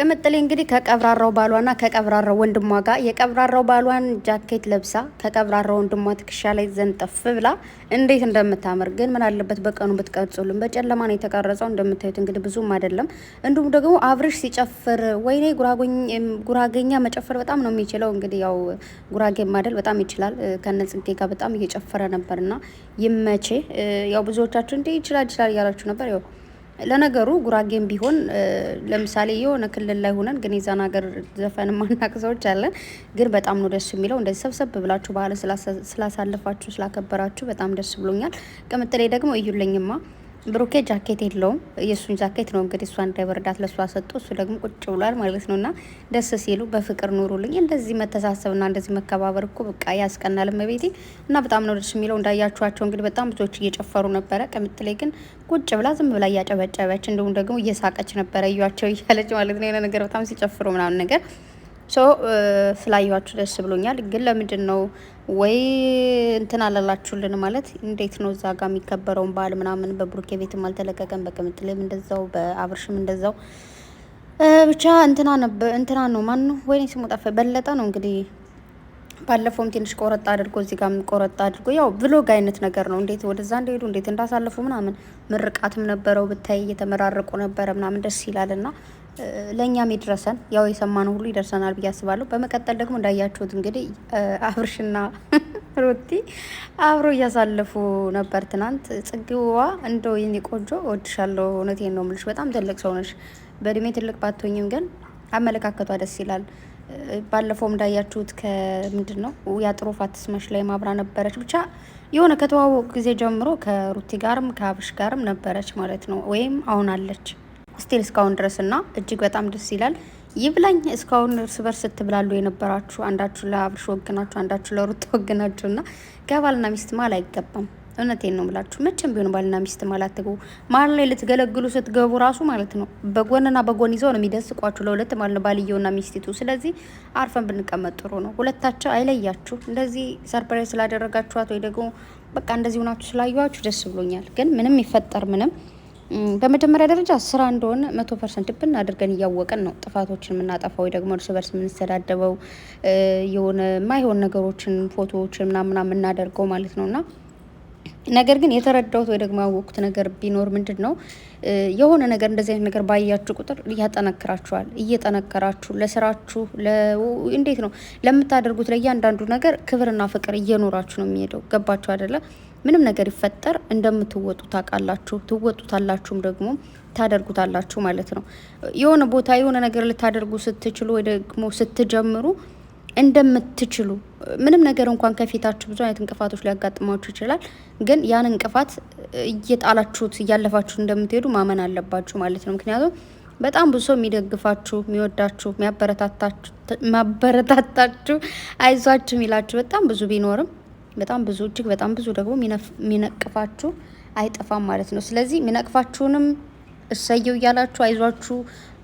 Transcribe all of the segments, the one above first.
ቅምጥሌ እንግዲህ ከቀብራራው ባሏና ከቀብራራው ወንድሟ ጋር የቀብራራው ባሏን ጃኬት ለብሳ ከቀብራራው ወንድሟ ትከሻ ላይ ዘንጠፍ ብላ እንዴት እንደምታምር ግን ምን አለበት በቀኑ ብትቀርጹልን። በጨለማ ነው የተቀረጸው እንደምታዩት እንግዲህ ብዙም አይደለም። እንዲሁም ደግሞ አብርሽ ሲጨፍር ወይኔ ጉራገኛ መጨፈር በጣም ነው የሚችለው። እንግዲህ ያው ጉራጌ ማደል በጣም ይችላል። ከነጽጌ ጋር በጣም እየጨፈረ ነበርና ይመቼ። ያው ብዙዎቻችሁ እንዴ ይችላል ይችላል እያላችሁ ነበር ያው ለነገሩ ጉራጌም ቢሆን ለምሳሌ የሆነ ክልል ላይ ሆነን ግን የዛን ሀገር ዘፈን ማናቅ ሰዎች አለን። ግን በጣም ነው ደስ የሚለው እንደዚህ ሰብሰብ ብላችሁ ባህል ስላሳለፋችሁ ስላከበራችሁ በጣም ደስ ብሎኛል። ቅምጥሌ ደግሞ እዩልኝማ ብሩኬ ጃኬት የለውም። የእሱን ጃኬት ነው እንግዲህ እሷ እንዳይበርዳት ለእሷ ሰጡ። እሱ ደግሞ ቁጭ ብሏል ማለት ነው። እና ደስ ሲሉ በፍቅር ኑሩልኝ። እንደዚህ መተሳሰብና እንደዚህ መከባበር እኮ በቃ ያስቀናል። እመቤቴ እና በጣም ነው ደስ የሚለው። እንዳያችኋቸው እንግዲህ በጣም ብዙዎች እየጨፈሩ ነበረ። ቅምጥ ላይ ግን ቁጭ ብላ ዝም ብላ እያጨበጨበች እንዲሁም ደግሞ እየሳቀች ነበረ እያቸው እያለች ማለት ነው። የሆነ ነገር በጣም ሲጨፍሩ ምናምን ነገር ሶ ስላዩዋችሁ ደስ ብሎኛል። ግን ለምንድን ነው ወይ እንትን አላላችሁልን? ማለት እንዴት ነው እዛ ጋር የሚከበረውን በዓል ምናምን በብሩኬ ቤትም አልተለቀቀም፣ በቅምጥልም እንደዛው፣ በአብርሽም እንደዛው ብቻ እንትና እንትና ነው ማን ነው ስሙ ጠፈ በለጠ ነው እንግዲህ ባለፈውም ትንሽ ቆረጣ አድርጎ እዚህ ጋር ቆረጣ አድርጎ ያው ብሎግ አይነት ነገር ነው። እንዴት ወደዛ እንደሄዱ እንዴት እንዳሳለፉ ምናምን ምርቃትም ነበረው ብታይ እየተመራረቁ ነበረ ምናምን ደስ ይላል እና ለእኛም ይድረሰን። ያው የሰማነው ሁሉ ይደርሰናል ብዬ አስባለሁ። በመቀጠል ደግሞ እንዳያችሁት እንግዲህ አብርሽና ሩቲ አብሮ እያሳለፉ ነበር ትናንት። ጽጌዋ እንደ የኔ ቆንጆ እወድሻለሁ፣ እውነቴን ነው የምልሽ። በጣም ትልቅ ሰው ነሽ። በእድሜ ትልቅ ባትሆኝም ግን አመለካከቷ ደስ ይላል። ባለፈው እንዳያችሁት ከምንድን ነው ያጥሮፋ ትስመሽ ላይ ማብራ ነበረች። ብቻ የሆነ ከተዋወቁ ጊዜ ጀምሮ ከሩቲ ጋርም ከአብርሽ ጋርም ነበረች ማለት ነው፣ ወይም አሁን አለች። ስቲል እስካሁን ድረስና እጅግ በጣም ደስ ይላል። ይብላኝ እስካሁን እርስ በርስ ስትብላሉ የነበራችሁ አንዳችሁ ለአብርሽ ወግናችሁ፣ አንዳችሁ ለሩት ወግናችሁ እና ከባልና ሚስት መሀል አይገባም። እውነቴን ነው የምላችሁ። መቼም ቢሆን ባልና ሚስት መሀል አትግቡ። መሀል ላይ ልትገለግሉ ስትገቡ ራሱ ማለት ነው በጎንና በጎን ይዘው ነው የሚደስቋችሁ ለሁለት ማለት ነው ባልየውና ሚስቲቱ። ስለዚህ አርፈን ብንቀመጥ ጥሩ ነው። ሁለታቸው አይለያችሁ። እንደዚህ ሰርፕራይዝ ስላደረጋችኋት ወይ ደግሞ በቃ እንደዚህ ሆናችሁ ስላየኋችሁ ደስ ብሎኛል። ግን ምንም ይፈጠር ምንም በመጀመሪያ ደረጃ ስራ እንደሆነ መቶ ፐርሰንት ብን አድርገን እያወቀን ነው ጥፋቶችን የምናጠፋው፣ ደግሞ እርስ በርስ የምንሰዳደበው የሆነ ማይሆን ነገሮችን ፎቶዎችን ምናምና የምናደርገው ማለት ነውና ነገር ግን የተረዳሁት ወይ ደግሞ ያወቅኩት ነገር ቢኖር ምንድን ነው የሆነ ነገር እንደዚህ አይነት ነገር ባያችሁ ቁጥር እያጠናክራችኋል። እየጠነከራችሁ ለስራችሁ እንዴት ነው ለምታደርጉት ለእያንዳንዱ ነገር ክብርና ፍቅር እየኖራችሁ ነው የሚሄደው። ገባችሁ አይደለ? ምንም ነገር ይፈጠር እንደምትወጡ ታውቃላችሁ። ትወጡታላችሁም ደግሞ ታደርጉታላችሁ ማለት ነው። የሆነ ቦታ የሆነ ነገር ልታደርጉ ስትችሉ ወይ ደግሞ ስትጀምሩ እንደምትችሉ ምንም ነገር እንኳን ከፊታችሁ ብዙ አይነት እንቅፋቶች ሊያጋጥማችሁ ይችላል። ግን ያን እንቅፋት እየጣላችሁት እያለፋችሁ እንደምትሄዱ ማመን አለባችሁ ማለት ነው። ምክንያቱም በጣም ብዙ ሰው የሚደግፋችሁ፣ የሚወዳችሁ፣ የሚያበረታታችሁ አይዟችሁ የሚላችሁ በጣም ብዙ ቢኖርም በጣም ብዙ እጅግ በጣም ብዙ ደግሞ የሚነቅፋችሁ አይጠፋም ማለት ነው። ስለዚህ የሚነቅፋችሁንም እሰየው እያላችሁ አይዟችሁ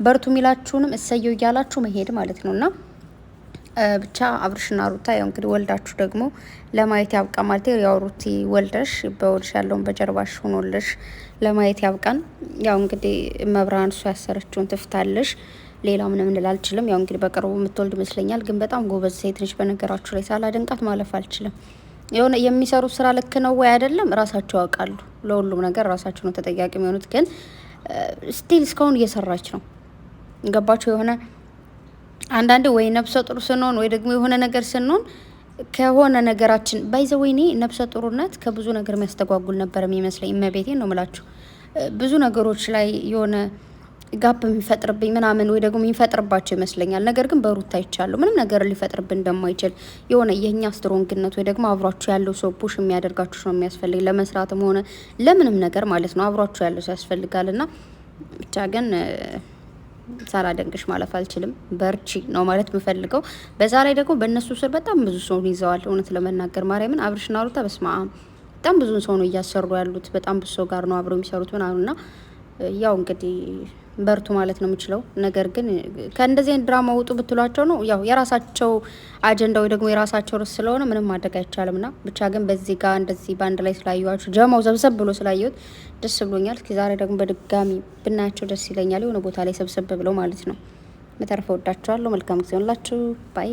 በርቱ የሚላችሁንም እሰየው እያላችሁ መሄድ ማለት ነው እና ብቻ አብርሽና ሩታ ያው እንግዲህ ወልዳችሁ ደግሞ ለማየት ያብቃ ማለት ያው ሩቲ ወልደሽ በወልሽ ያለውን በጀርባሽ ሆኖልሽ ለማየት ያብቃን። ያው እንግዲህ መብርሃን እሱ ያሰረችውን ትፍታለሽ። ሌላ ምንም ልል አልችልም። ያው እንግዲህ በቅርቡ የምትወልድ ይመስለኛል። ግን በጣም ጎበዝ ሴት ነች። በነገራችሁ ላይ ሳላደንቃት ማለፍ አልችልም። የሆነ የሚሰሩት ስራ ልክ ነው ወይ አይደለም ራሳቸው ያውቃሉ። ለሁሉም ነገር ራሳቸው ነው ተጠያቂ የሚሆኑት። ግን ስቲል እስካሁን እየሰራች ነው። ገባቸው የሆነ አንዳንድ ወይ ነብሰ ጡር ስንሆን ወይ ደግሞ የሆነ ነገር ስንሆን ከሆነ ነገራችን ባይዘ ወይኔ ነብሰ ጡርነት ከብዙ ነገር የሚያስተጓጉል ነበር የሚመስለኝ። እመቤቴ ነው ምላችሁ ብዙ ነገሮች ላይ የሆነ ጋፕ የሚፈጥርብኝ ምናምን ወይ ደግሞ የሚፈጥርባቸው ይመስለኛል። ነገር ግን በሩታ አይቻለሁ ምንም ነገር ሊፈጥርብን እንደማይችል የሆነ የእኛ ስትሮንግነት ወይ ደግሞ አብሯችሁ ያለው ሰው ፑሽ የሚያደርጋችሁ ነው የሚያስፈልግ ለመስራትም ሆነ ለምንም ነገር ማለት ነው። አብሯችሁ ያለው ሰው ያስፈልጋል እና ብቻ ግን ደንቅሽ ማለፍ አልችልም። በርቺ ነው ማለት የምፈልገው። በዛ ላይ ደግሞ በእነሱ ስር በጣም ብዙ ሰውን ይዘዋል። እውነት ለመናገር ማርያምን አብርሽና ሩታ በስማ በጣም ብዙ ሰው ነው እያሰሩ ያሉት። በጣም ብዙ ሰው ጋር ነው አብረው የሚሰሩት ምናምን እና ያው እንግዲህ በርቱ ማለት ነው የምችለው። ነገር ግን ከእንደዚህ አይነት ድራማ ውጡ ብትሏቸው ነው ያው የራሳቸው አጀንዳ ወይ ደግሞ የራሳቸው ርስ ስለሆነ ምንም ማድረግ አይቻልም። ና ብቻ ግን በዚህ ጋር እንደዚህ በአንድ ላይ ስላየኋቸው ጀማው ዘብዘብ ብሎ ስላየሁት ደስ ብሎኛል። እስኪ ዛሬ ደግሞ በድጋሚ ብናያቸው ደስ ይለኛል፣ የሆነ ቦታ ላይ ሰብሰብ ብለው ማለት ነው። በተረፈ ወዳችኋለሁ። መልካም ጊዜ ሆንላችሁ ባይ